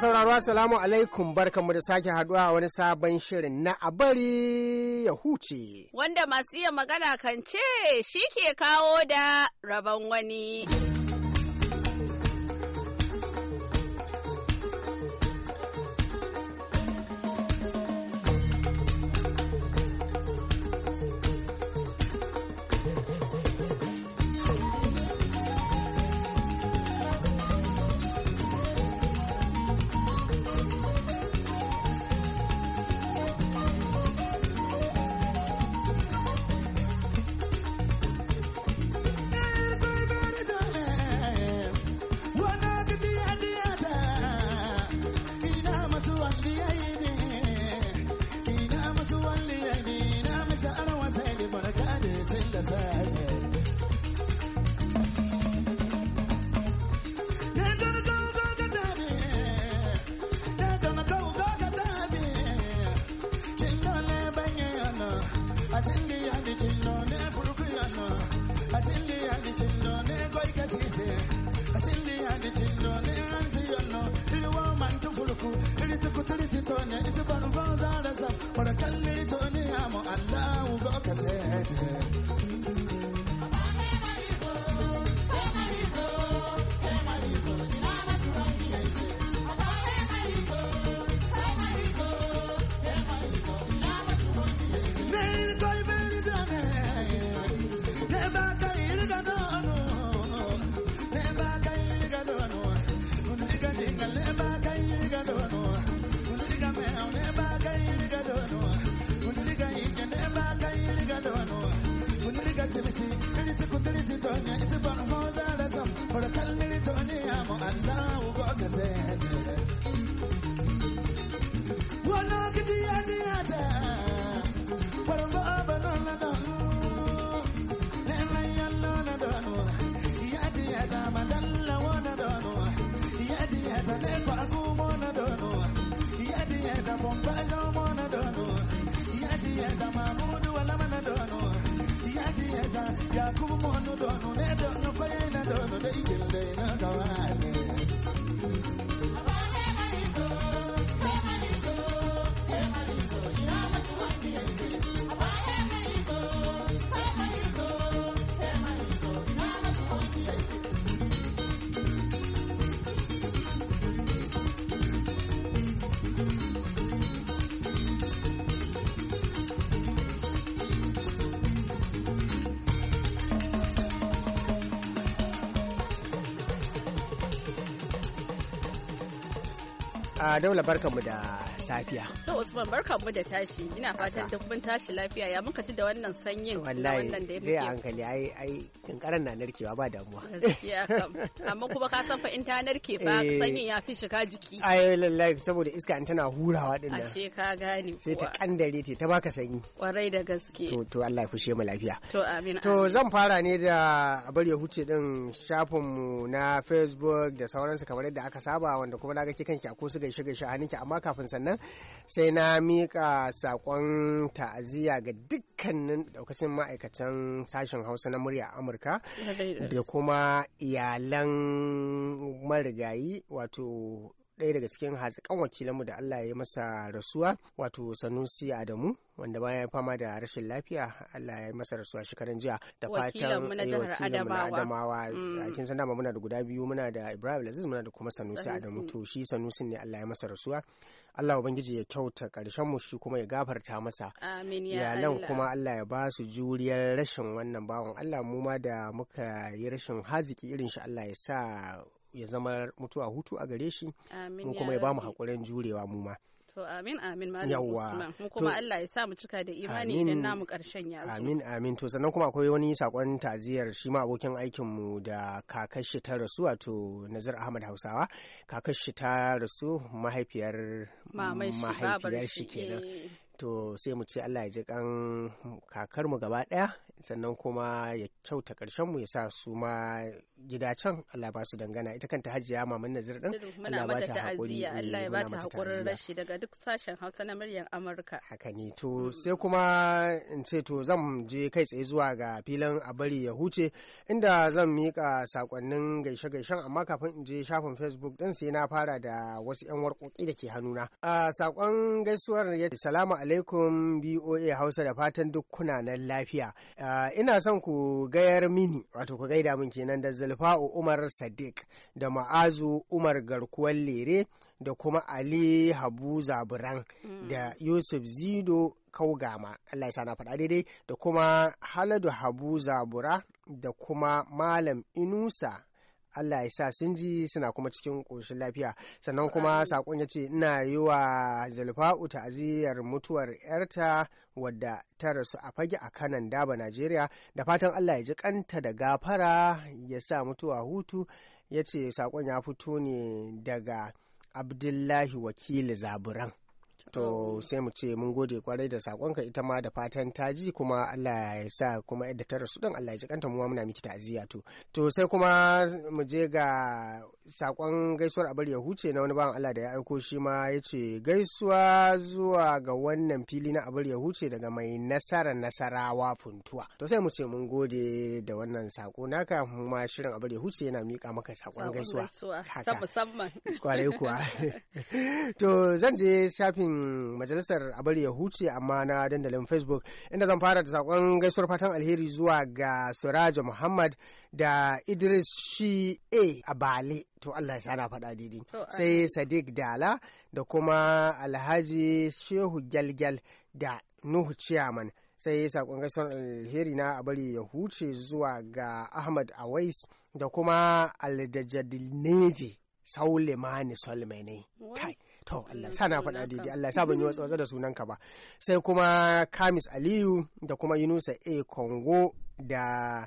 sauraro Assalamu alaikum mu da sake haduwa a wani sabon shirin na a bari ya huce. Wanda masu iya magana kan ce shi ke kawo da rabon wani. a daula barkanmu da safiya. To Usman barka mu da tashi ina fatan duk mun tashi lafiya ya muka ji da wannan sanyin wallahi zai hankali ai ai kinkaran na narkewa ba damuwa. Gaskiya kam amma kuma ka san fa in ta narke fa eh. sanyin ya fi shiga jiki. Ai lallai saboda iska in tana hurawa din nan. Ashe ka gane. Sai ta kandare te ta baka sanyi. Kwarai da gaske. To to Allah ya kushe mu lafiya. To amin. To zan fara ne da abar ya huce din shafin mu na Facebook da sauransu kamar yadda aka saba wanda kuma na ga ke kanki a ko su gaishe gaishe a hannunki amma kafin sannan sai na mika sakon ta'aziyya ga dukkanin daukacin ma'aikatan sashen hausa na murya amurka da kuma iyalan marigayi wato ɗaya daga cikin hatsikan wakilanmu da Allah ya masa rasuwa wato Sanusi Adamu wanda bayan fama da rashin lafiya Allah ya masa rasuwa shekaran jiya da fatan wakilanmu na eh, Adamawa mm. kin san dama muna da guda biyu muna da Ibrahim Aziz muna da kuma Sanusi Adamu to shi Sanusi ne Allah ya masa rasuwa Allah Ubangiji ya kyauta ƙarshen mu shi kuma ya gafarta masa. Amin ya Iyalan kuma Allah ya ba su juriyar rashin wannan bawan Allah mu ma da muka yi rashin haziki irin shi Allah ya sa ya zama mutuwa hutu a gare shi mu kuma ya ba mu haƙurin jurewa mu ma. To amin amin Malam kuma Allah ya sa cika da imani idan namu karshen ya Amin amin to sannan kuma akwai wani sakon ta'aziyar shi ma abokin aikin mu da kakashi ta rasu wato Nazir Ahmad Hausawa kakashi ta rasu mahaifiyar mahaifiyar shi kenan. Eh. to sai mu ce Allah ya ji kan kakar mu gaba daya sannan kuma ya kyauta ƙarshen mu ya sa su ma gida can Allah ba su dangana ita kanta hajiya maman nazir din Allah ba ta hakuri eh, Allah ba ta hakurin rashi daga duk sashen Hausa na muryar Amurka haka ne to sai kuma in ce to zan je kai tsaye zuwa ga filin a bari ya huce inda zan mika sakonnin gaishe gaishen amma kafin in je shafin Facebook din sai na fara da wasu ƴan warƙoƙi da ke hannuna a sakon gaisuwar ya salamu alaikum BOA Hausa da fatan duk kuna nan lafiya Ah, ina son ku gayar mini wato ku gaida min kenan da zulfa'u umar sadiq da ma'azu umar garkuwar lere da kuma ali habu zaburan mm. da yusuf zido kaugama allah ya sana faɗa daidai da kuma haladu habu zabura da kuma malam inusa Allah ya sa sun ji suna kuma cikin ƙoshin lafiya sannan kuma sakon ya ce ina yi wa zalfa'u ta'aziyar mutuwar yarta wadda ta rasu a fage a kanan daba Najeriya da fatan Allah ya ji kanta da gafara ya sa mutuwa hutu ya ce sakon ya fito ne daga Abdullahi wakili zaburan. to sai mu ce mun gode kwarai da sakonka ita ma da fatan ta ji kuma Allah ya sa kuma yadda ta rasu don Allah ya ji kanta mu muna miki ta'aziyya to to sai kuma mu je ga sakon gaisuwar abar ya huce na wani bawan Allah da ya aiko shi ma yace gaisuwa zuwa ga wannan fili na abar ya huce daga mai nasara nasarawa funtuwa to sai mu ce mun gode da wannan sako naka mu ma shirin abar ya huce yana mika maka sakon gaisuwa ta musamman kwarai kuwa to zan je shafin majalisar a bari ya huce amma na dandalin facebook inda zan fara da sakon gaisuwar fatan alheri zuwa ga suraja muhammad da idris shi a bale to allah ya sana faɗa didi sai sadiq dala da kuma alhaji shehu gyalgyal da nuhu ciyaman sai sakon gaisuwar alheri na a bari ya huce zuwa ga ahmad awais da kuma aldajadineje saulemani solmene kai to Allah sa na faɗa daidai Allah sa ban yi wasu da sunan ka ba sai kuma Kamis Aliyu da kuma Yunusa A Kongo da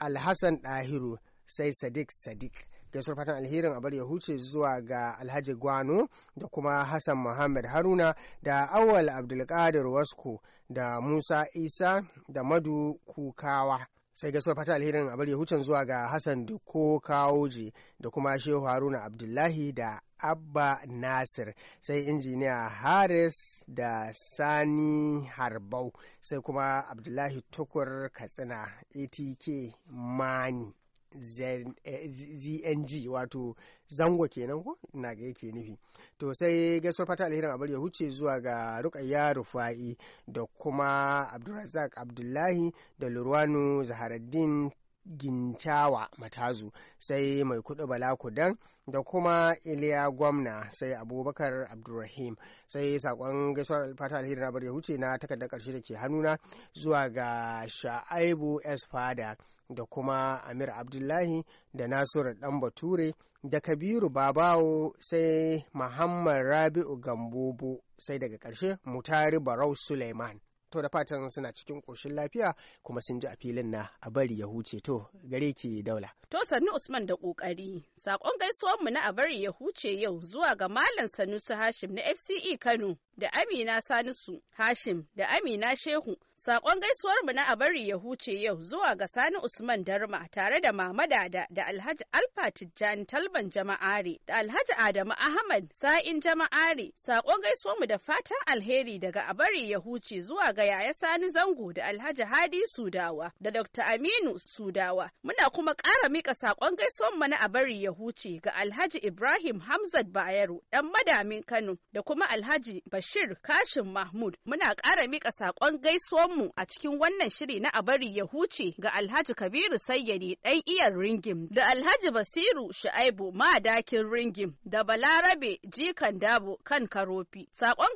Alhassan ɗahiru sai Sadiq Sadiq gaisuwar fatan alherin abar ya huce zuwa ga alhaji gwano da kuma hassan muhammad haruna da awal abdulkadir wasko da musa isa da madu kukawa sai gaisuwar fata alherin abar ya huce zuwa ga hassan duko kawoji da kuma shehu haruna abdullahi da abba nasir sai injiniya haris da sani harbau sai kuma abdullahi tukur katsina atk mani zng eh, wato zango kenan ko na ga yake nufi to sai gaisuwar fata alherin abar ya huce zuwa ga rukayya rufa'i da kuma abdulrazak abdullahi da lurwanu zaharaddin gintawa matazu sai mai kudu bala kudan da kuma iliya gwamna sai abubakar abdulrahim sai sakon gaisuwar fata alheri na bar ya huce na takardar karshe da ke hannuna zuwa ga sha'aibu s fada da kuma amir abdullahi da nasiru dan bature da kabiru babawo sai muhammad rabi'u gambobo sai daga ƙarshe mutari barau suleiman to da fatan suna cikin koshin lafiya kuma sun ji a filin na a bari ya huce to gare ki daula. To sannu Usman da ƙoƙari saƙon mu na a bari ya huce yau zuwa ga Malam Sanusu Hashim na FCE Kano da Amina Sanusu Hashim da Amina Shehu Sakon gaisuwar mu na abari ya huce yau zuwa ga Sani Usman Darma tare da Mama Dada da Alhaji Alfa Tijjani Talban Jama'ari da Alhaji Adamu Ahmad Sa'in Jama'ari Sakon gaisuwar mu da fatan alheri daga abari ya huce zuwa ga Yaya Sani Zango da Alhaji Hadi Sudawa da Dr. Aminu Sudawa. Muna kuma ƙara mika sakon gaisuwar mu na abari ya huce ga Alhaji Ibrahim Hamzat Bayero dan madamin Kano da kuma Alhaji Bashir Kashim Mahmud. Muna ƙara mika sakon gaisuwar Mu a cikin wannan shiri na abari ya huce ga Alhaji Kabiru Sayyadi ɗan iyar Ringim da Alhaji Basiru Shu'aibu madakin Ringim da Balarabe Jikan Dabo kan Karofi. Saƙon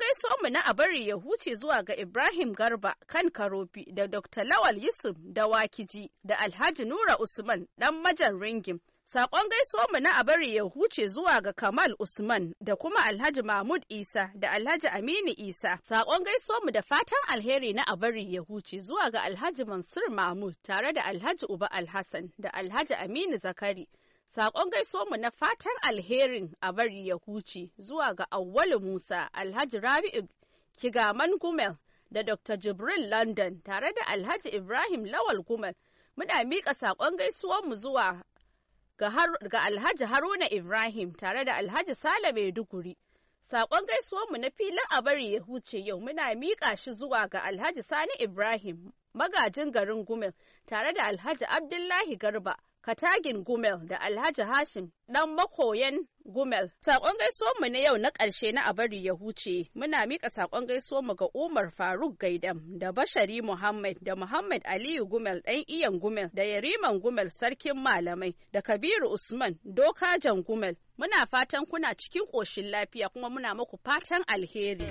mu na abari ya huce zuwa ga Ibrahim Garba kan Karofi da Dr. Lawal Yusuf da Wakiji da Alhaji Nura Usman ɗan majan Ringim. Sakon gaisuwar mu na abari ya huce zuwa ga Kamal Usman da kuma Alhaji Mahmud Isa da Alhaji Aminu Isa. Sakon gaisuwar mu da fatan alheri na abari ya huce zuwa ga Alhaji Mansur Mahmud tare da Alhaji Uba Alhassan da Alhaji Aminu Zakari. Sakon mu na fatan alherin a bari ya huce zuwa ga awwalu Musa, Alhaji Rabi'u Kigaman Gumel da Dr. Jibril London tare da Alhaji Ibrahim Lawal Gumel. Muna miƙa gaisuwan mu zuwa ga Alhaji Haruna Ibrahim tare da Alhaji Sale Maiduguri. Sakon gaisuwanmu na filin a bari ya huce yau muna miƙa shi zuwa ga Alhaji Sani Ibrahim magajin garin Gumel tare da Alhaji Abdullahi Garba Katagin Gumel da Alhaji Hashim dan makoyan Gumel. Sakon mu na yau na ƙarshe na abari ya huce muna mika sakon mu ga Umar Faruk Gaidam da Bashari Muhammad da Muhammad Aliyu Gumel ɗan iyan Gumel da Yariman Gumel sarkin malamai da Kabiru Usman doka Jan Gumel. Muna fatan kuna cikin ƙoshin lafiya kuma muna muku fatan alheri.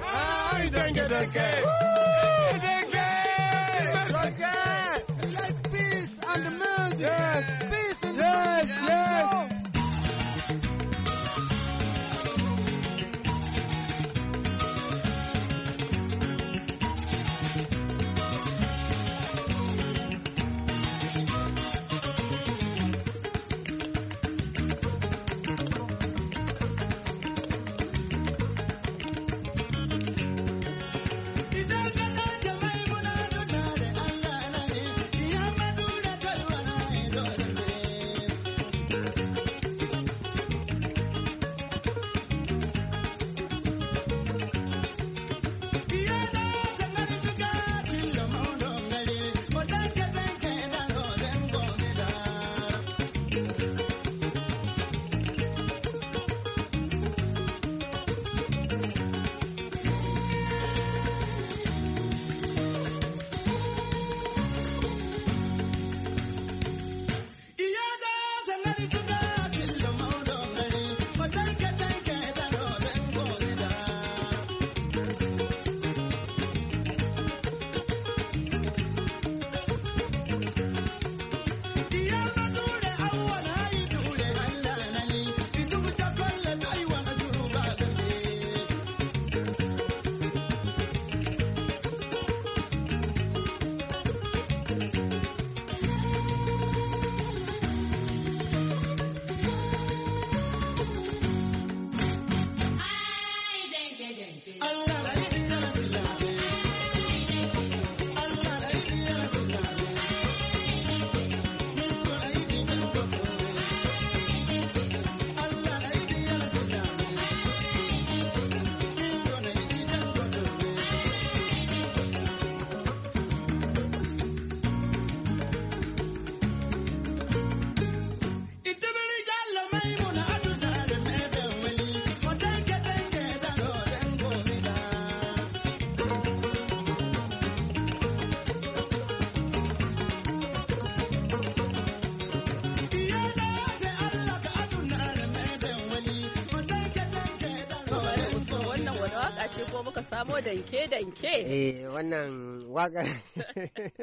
samo danke danke eh wannan waka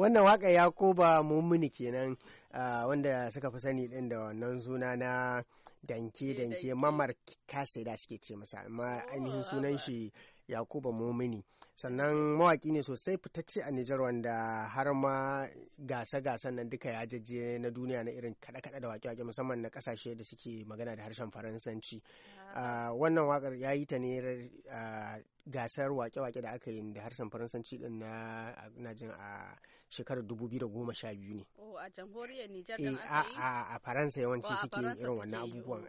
wannan waka ya koba mummuni kenan ah, wanda suka fi sani din da wannan suna na danke danke mamar da suke ce masa amma oh, ainihin sunan shi yakuba mumini sannan mawaki ne sosai fitacce a Nijar wanda har ma gasa-gasan nan duka ya jajje na duniya na irin kada-kada da wake-wake musamman na kasashe da suke magana da harshen faransanci ah. Ah, wannan wakar ya yi ta ne ah, gasar wake-wake da aka yi da harshen faransanci din na jin a shekarar 2012 ne. Oh, a jamhuriyar Nijar da eh, aka yi? A Faransa yawanci suke irin wannan abubuwan.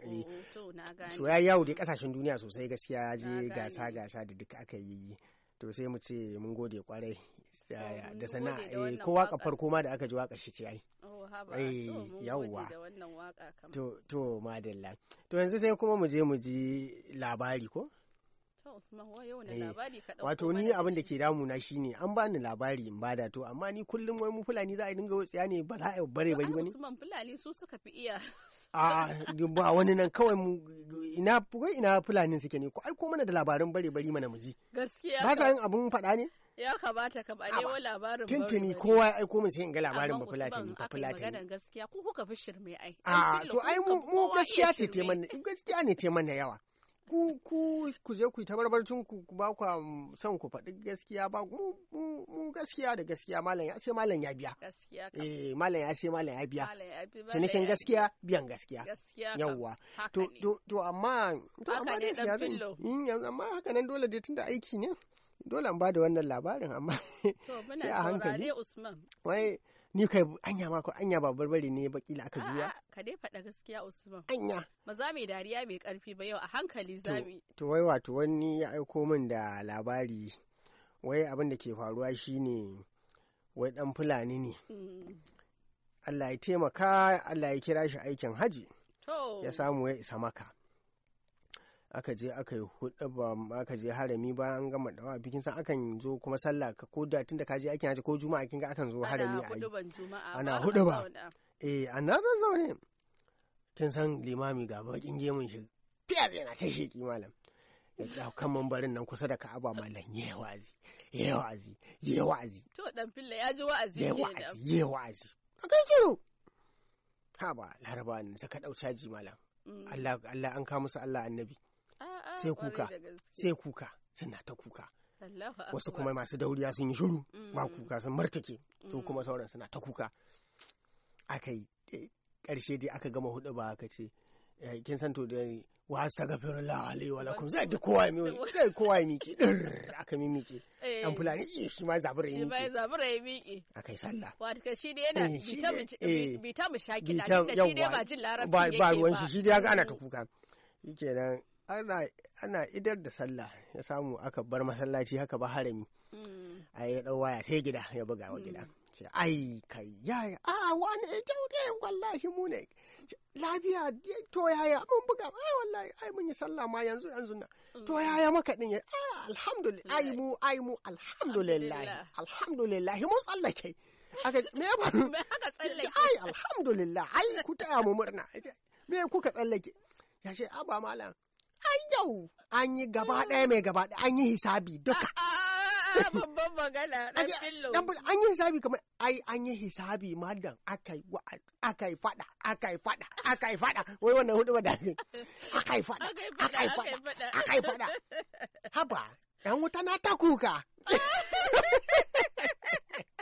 To, ya yawo da kasashen duniya sosai gaskiya ya je gasa-gasa da duka aka yi. to sai mu ce mun gode kwarai da sana'a eh, ko ka farko ma da aka ji waka shi ce ai oh, eh, yawwa to to madalla to yanzu sai kuma mu je mu ji labari ko Eh, wato ni abin da ke damuna shine an bani labari in ba da to amma ni kullum wai mu fulani za a dinga wutsiya ne ba za a bare bari bane Usman fulani su suka fi iya a ah, ba wani nan kawai mu ina wai ina fulanin suke ne ko ai ko mana da labarin bare bari mana muji gaskiya ba sa yin abun faɗa ne ya kamata ka ba wa labarin tuntuni kowa ya aiko mu sai in ga labarin ba fulatani ba fulatani gaskiya ku kuka fi shirme ai a ah, to ai mu gaskiya ce te mana gaskiya ne te mana yawa ku ku ku je ku yi tabarbarcin ku ba ku son ku faɗi gaskiya ba mu gaskiya da gaskiya malam ya sai malam ya biya eh malam ya sai malam ya biya cinikin gaskiya biyan gaskiya yawwa to to to amma to amma ne in yanzu amma haka nan dole dai tunda aiki ne dole an ba da wannan labarin amma sai a hankali wai ni kai anya ma ko anya ba barbare ne ba kila aka juya ka dai faɗa gaskiya Usman anya ba za mu dariya mai karfi ba yau a hankali za mu to wai wato wani ya aiko min da labari wai abin da ke faruwa shine wai dan fulani ne mm. Allah ya taimaka Allah ya kira shi aikin haji ya samu ya isa maka aka je aka yi hudu aka je harami ba an gama dawa bikin san akan zo kuma sallah ko da tunda ka je aikin haji ko juma'a kin ga akan zo harami a yi ana hudu ba eh ana zaune?" kin san limami ga bakin gemun shi fiya yana ta sheki malam ya kan mambarin nan kusa da ka'aba malam ya wa'azi ya wa'azi ya wa'azi to dan filla ya ji wa'azi ya wa'azi ya wa'azi akan kiro ha ba laraba ne saka dau caji malam mm. Allah Allah an kawo musu Allah annabi sai kuka sai kuka suna ta kuka wasu kuma masu dauriya sun yi shiru ba mm. kuka sun martake su kuma mm. sauran suna ta kuka aka yi karshe dai aka gama hudu ba aka ce eh, kin san to da wa astaghfirullah alaihi wa lakum zai da kowa mi zai kowa mi ki dir aka mi mi ki eh. dan fulani shi ma zabura mi ki zabura mi ki yi sallah wato ka shi da yana eh, bi ta shaki da shi ba jin larabci ba shi ga ana ta mm. kuka ana idar da sallah ya samu aka bar masallaci haka ba harami mm. a ya ɗau waya sai gida ya buga wa mm. gida ai kai yaya a wani ya jaure wallahi mu ne lafiya to yaya mun buga ai wallahi ai mun yi sallah ma yanzu yanzu na mm. to yaya maka din ya alhamdulillah ai mu ai mu alhamdulillah alhamdulillah mun tsallake aka me ba haka tsallake ai alhamdulillah ai ku taya mu murna me kuka tsallake ya ce a ba malam yau an yi gaba ɗaya mai gaba ɗaya an yi hisabi duka. Ah, ah, ah, babban magana ɗan fillo. An yi hisabi kamar ai an yi hisabi madan akai akai fada akai fada akai fada wai wannan hudu da akai fada akai fada akai fada haba ɗan wuta na ta kuka.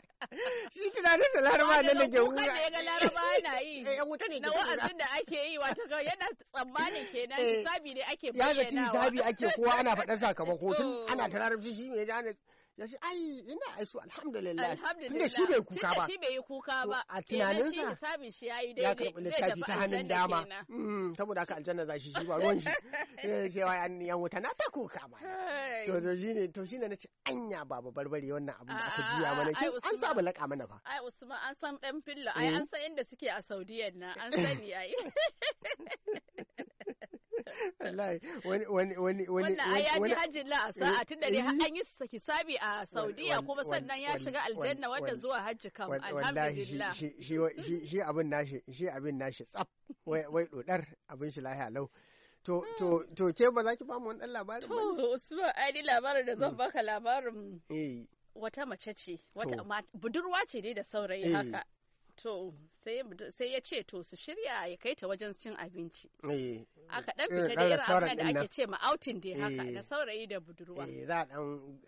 Shi tunanin sa laraba ne da ke wuka. ga laraba na yi. Eh wuta ne Na wa'azin da ake yi wato ga yana tsammanin kenan eh. hisabi ne ake bayyana. Ya zaci hisabi ake kowa ana faɗar sakamako tun ana ta larabci shi me ya ya ce ai ina ai su alhamdulillah da shi bai kuka ba shi bai kuka ba a tunanin sa hisabin shi yayi daidai ya karbi littafi ta hannun dama mm, saboda haka aljanna za shi shi ba ruwan shi eh, cewa yan yan wuta na ta kuka ba to to shine to shine nace anya baba barbare wannan abin da aka ah, jiya mana ki an saba laka mana fa ai usman an san dan fillo ai eh. an san inda suke a saudiyan nan an sani ai wallahi wani wani wani wani wani ya ji hajjin la sa'a tunda ne an yi hisabi a Saudiya kuma sannan ya shiga aljanna wanda zuwa hajji kam alhamdulillah shi shi abin nashi shi abin nashi tsaf wai wai dodar abin shi lahiya lau To, to, to, ke ba za ki ba mu wani dan labarin ba? To, Usman, ai labarin da zan mm. baka labarin. Eh. Wata mace ce, wata budurwa ce dai da saurayi eh. haka. To sai ya ce to su shirya ya kai ta wajen cin abinci. Eh. Aka dan fita da irin abin da ake ce ma outing dai haka eh. da saurayi da budurwa. Eh,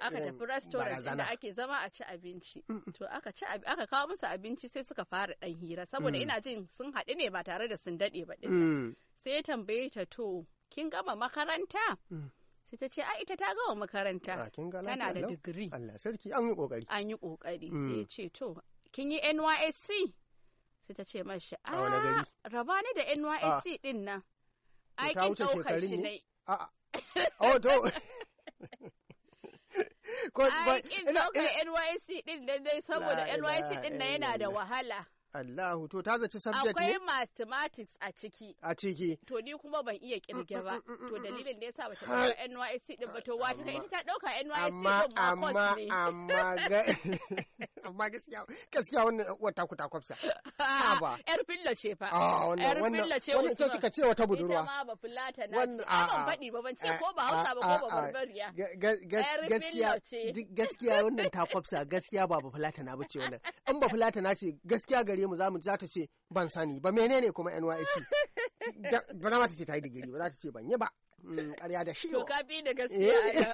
aka tafi restaurant inda ake zama a ci abinci. To aka ci aka kawo musu abinci sai suka fara dan hira saboda mm. ina jin sun haɗu ne ba tare da sun daɗe ba mm. Sai ya tambaye ta to kin gama makaranta? Mm. sai ta ce a ita ta gama makaranta ah, tana da digiri Allah sarki an yi kokari an yi kokari sai ce to kin yi NYSC? Sai ta ce mashi, a raba ni da NYSC ah. din nan. Oh, Aikin ɗaukar shi ne. A to. Aikin ɗaukar NYSC din nan dai saboda NYSC din nan yana da wahala. Allahu to ta zaci subject ne? Akwai mathematics a ciki. A ciki. To ni kuma ban iya kirge ba. Mm, mm, mm, to dalilin da yasa ba ta fara NYSC din ba to wa ka ita ta dauka NYSC din ma course ne. Amma amma amma gaskiya gaskiya wannan wata ku ta kwafsa. Ah, ba. Yar filla ce fa. Ah wannan wannan wannan ce kika ce wata budurwa. Ita ma ba fulata na ce. Ban faɗi ba ban ce ko ba Hausa ba ko ba Barbariya. Gaskiya gaskiya wannan ta kwafsa gaskiya ba ba fulata na ba ce wannan. In ba fulata na ce gaskiya gare mu za mu ta ce ban sani ba menene kuma NYSC ba za ta ce ta yi digiri ba za ta ce ban yi ba mm, ƙarya da shi to ka bi da gaskiya eh.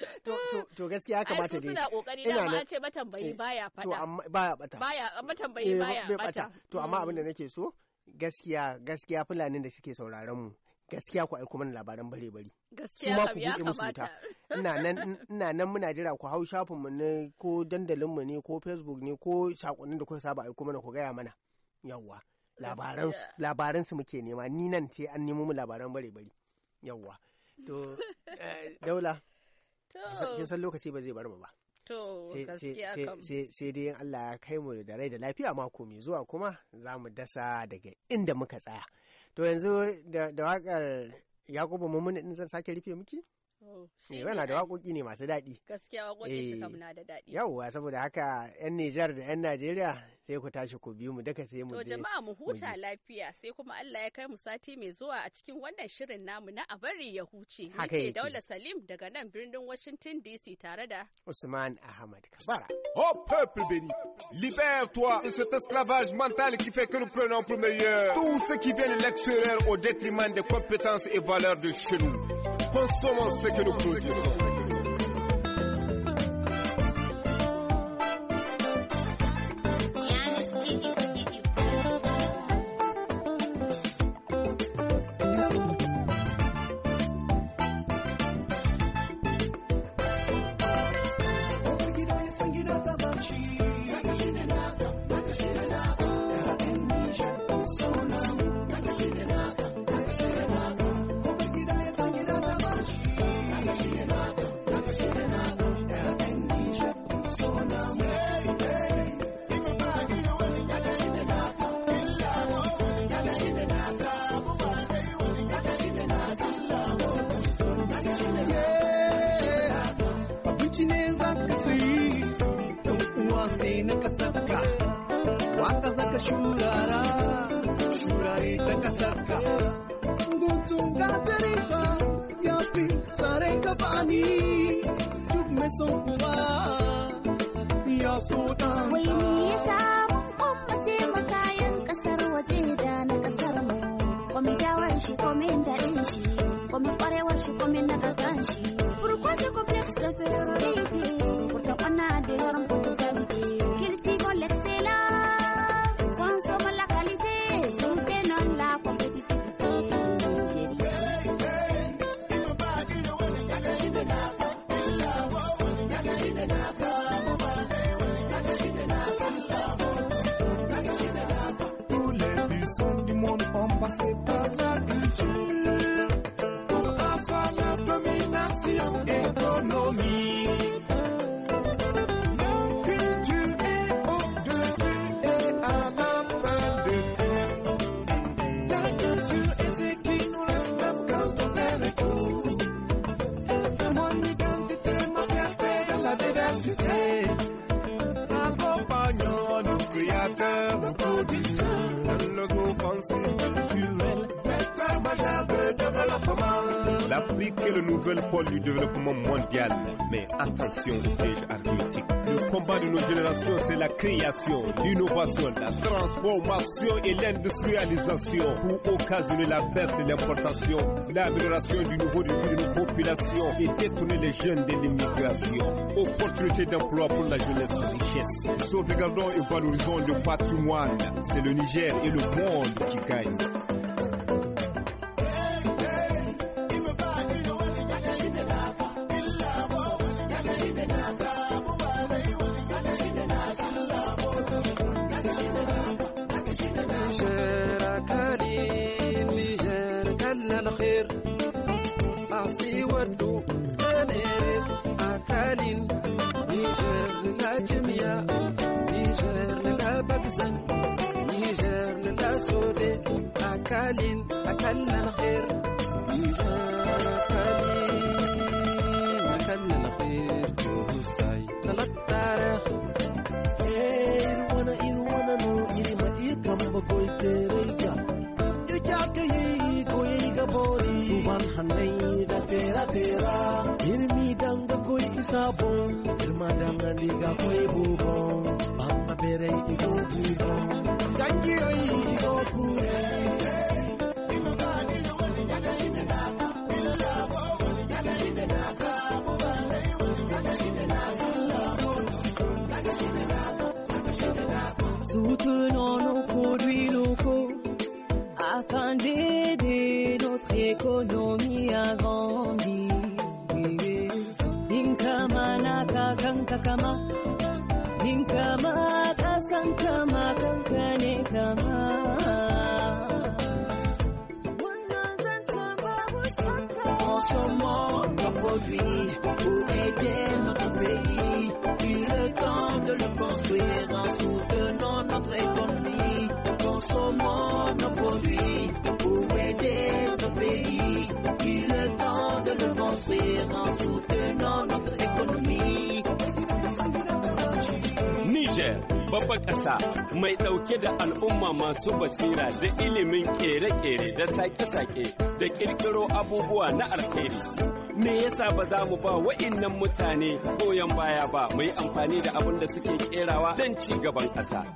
to gaskiya kamata dai suna kokari da ma ce matambayi eh. baya fada to amma baya bata baya matambayi eh, baya bata to amma abin da mm. nake so gaskiya gaskiya fulanin da suke sauraron mu gaskiya ku aiko mana labaran bare bari gaskiya ku ya kamata ina nan muna jira ku hau shafin mu ne ko dandalin mu ne ko facebook ne ko sakonnin da kuka saba aiko mana ku gaya mana yawwa labaran labaran su muke nema ni nan ce an nemo mu labaran bare bari yawwa to eh, daula kin san lokaci ba zai bar mu ba To, gaskiya sai dai Allah ya kai mu da rai da lafiya mako mai zuwa kuma za mu dasa daga inda muka tsaya. To yanzu da waƙar Yakubu Mumuni din zan sake rufe miki? yana oh, eh, da waƙoƙi ne masu daɗi gaskiya waƙoƙin shi eh, na da daɗi yawwa saboda haka yan Nijar da yan Najeriya sai ku tashi ku biyu mu daka sai mu to jama'a mu huta lafiya sai kuma Allah ya kai mu sati mai zuwa a cikin wannan shirin namu na a bari ya huce ni yake. Daula Salim daga nan birnin Washington DC tare da Usman Ahmad Kabara oh peuple béni libère-toi de cet esclavage mental qui fait que nous prenons pour meilleur tout ce qui de l'extérieur au détriment des compétences et valeurs de chez nous somos ce que nous produisons. te shurara shurarita kasarka gutun gajarita ya fi sarenga pani me ya so economía. L'Afrique est le nouvel pôle du développement mondial. Mais attention aux pièges Le combat de nos générations, c'est la création, l'innovation, la transformation et l'industrialisation pour occasionner la baisse de l'importation, l'amélioration du niveau de de nos populations et détourner les jeunes de l'immigration. Opportunité d'emploi pour la jeunesse, richesse. Sauvegardons et valorisons le patrimoine. C'est le Niger et le monde qui gagnent. Kamaru, Anere, Akalin, Niger, la Jamiya, Niger, la Bagzan, Niger, la Sode, Akalin, Akalin Khair, Niger, Akalin, Akalin Khair, Kusai, Talat Tarikh. Eh, irwana, irwana, no, irma, irkam, bagoy, tereka. Yujaka, riga bori duban da tera tera ilmi danga koi isabon irma danga diga koi bubon amma bere ido bubon dangi roi ido kure L'économie Il temps de le construire en soutenant notre économie. Niger, babbar ƙasa mai ɗauke da al'umma masu basira da ilimin ƙere-ƙere da sake-sake da ƙirƙiro abubuwa na alheri. me yasa ba za mu ba wa'innan mutane goyon baya ba Mai amfani da abin da suke ƙerawa don ci gaban ƙasa.